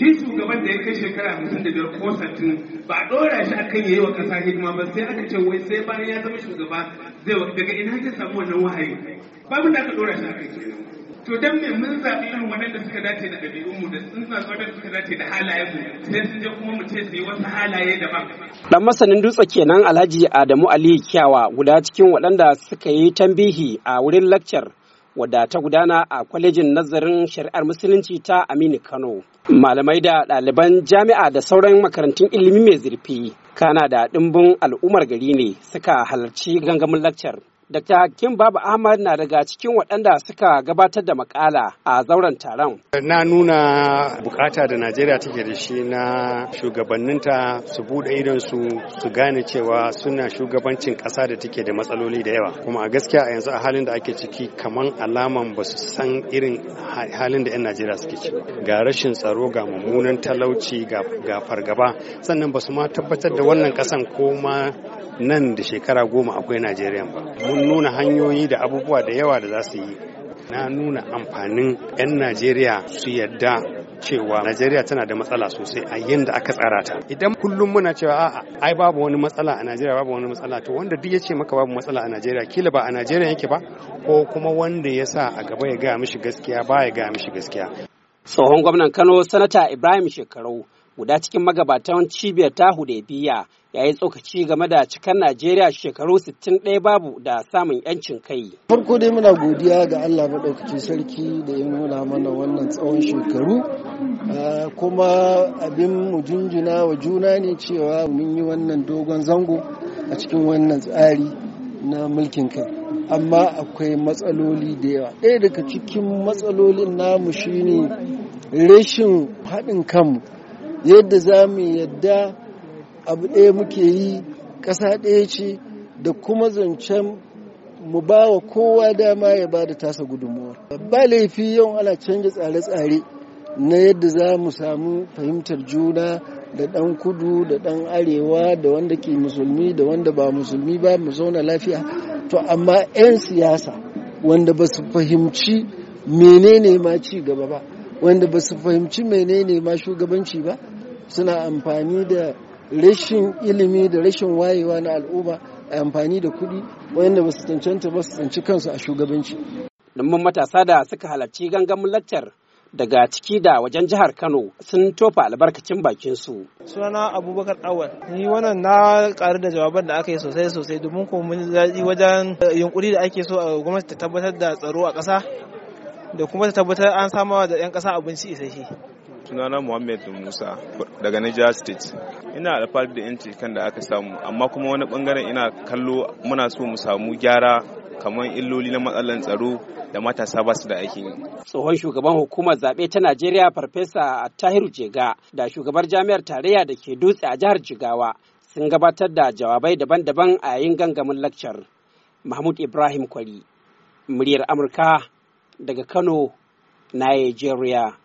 shi shugaban da ya kai shekara mutum da biyar ko satin, ba a ɗora shi a kan yayi wa ƙasa hidima ba sai aka ce wai sai bayan ya zama shugaba zai daga ina ke samu wannan wahayi babu da aka ɗora shi a kai kenan to dan me mun zaɓi irin waɗanda suka dace da ɗabi'unmu da sun zaɓi waɗanda suka dace da halaye mu, sai sun je kuma mu ce su yi wasu halaye daban. Dan masanin dutse kenan Alhaji Adamu Ali Kyawa guda cikin waɗanda suka yi tambihi a wurin lakcar wadda ta gudana a kwalejin nazarin shari'ar musulunci ta Aminu Kano. Malamai da ɗaliban jami'a da sauran makarantun ilimi mai zurfi, kana da ɗimbin al'ummar gari ne suka halarci gangamin lakcar. Dr. Kim Babu Ahmad na daga cikin waɗanda suka gabatar da makala a zauren taron. Na nuna bukata da Najeriya take da shi na shugabanninta su buɗe idon su su gane cewa suna shugabancin ƙasa da take da matsaloli da yawa. Kuma a gaskiya a yanzu a halin da ake ciki kaman alaman ba su san irin halin da 'yan Najeriya suke ci. Ga rashin tsaro ga mummunan talauci ga fargaba sannan ba su ma tabbatar da wannan ƙasan ko ma nan da shekara goma akwai najeriya ba mun nuna hanyoyi da abubuwa da yawa da za su yi na nuna amfanin 'yan najeriya su yadda cewa najeriya tana da matsala sosai a yadda aka tsara ta idan kullum muna cewa a'a ai babu wani matsala a najeriya babu wani matsala to wanda duk ya ce maka babu matsala a najeriya kila ba a najeriya yake ba ko kuma wanda ya sa a gaba ya gaya mishi gaskiya ba ya gaya mishi gaskiya tsohon gwamnan kano sanata ibrahim shekarau guda cikin magabatan cibiyar ta hudaybiya ya yi tsokaci game da cikar najeriya shekaru 61 babu da samun yancin kai farko dai muna godiya ga allah maɗaukaki sarki da ya nuna mana wannan tsawon shekaru ah, kuma abin mu jinjina wa juna ne cewa mun yi wannan dogon zango a cikin wannan tsari na mulkin kai amma akwai matsaloli da yawa ɗaya daga cikin matsalolin namu shine rashin haɗin kanmu yadda za mu yadda abu ɗaya muke yi ƙasa ɗaya ce da kuma zancen mu ba wa kowa dama ya ba da tasa gudunmuwar ba laifi yau ana canja tsare-tsare na yadda za mu samu fahimtar juna da ɗan kudu da ɗan arewa da wanda ke musulmi da wanda ba musulmi ba mu zauna lafiya to amma 'yan siyasa wanda ba su fahimci menene ma ci gaba ba wanda ba su fahimci menene ma shugabanci ba suna amfani da rashin ilimi da rashin wayewa na al'umma a amfani da kuɗi wanda ba su cancanta ba su tsanci kansu a shugabanci. Dummin matasa da suka halarci gangamin laccar daga ciki da wajen jihar Kano sun tofa albarkacin bakin su. Sunana Abubakar Awal. Ni wannan na karu da jawaban da aka yi sosai sosai domin ko mun wajen eh, yunkuri da ake so a gwamnati ta tabbatar da tsaro a ƙasa da kuma ta tabbatar an samu da 'yan ƙasa abinci isasshe. sunana muhammed Musa daga Niger State. Ina alfahari da yanci kan da aka samu, amma kuma wani bangaren ina kallo muna so mu samu gyara kamar illoli na matsalan tsaro da matasa ba su da aikin yi. Tsohon shugaban hukumar zaɓe ta Najeriya Farfesa Tahiru Jega da shugabar jami'ar tarayya da ke dutse a jihar Jigawa sun gabatar da jawabai daban-daban a yayin gangamin lakcar. Mahmud Ibrahim Kwari, muryar Amurka daga Kano, Nigeria.